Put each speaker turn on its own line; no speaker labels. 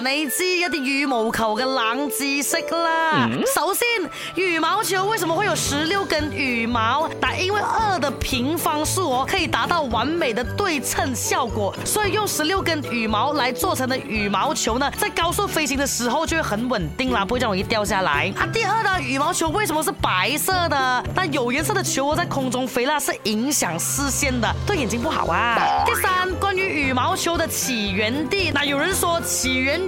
你知一啲羽毛球嘅冷知識啦。嗯、首先，羽毛球為什麼會有十六根羽毛？但因為二的平方數哦，可以達到完美的對稱效果，所以用十六根羽毛來做成的羽毛球呢，在高速飛行的時候就會很穩定啦，不會這樣容易掉下來。啊，第二呢，羽毛球為什麼是白色的？但有顏色的球在空中飛啦，是影響視線的，對眼睛不好啊。第三，關於羽毛球的起源地，那有人說起源。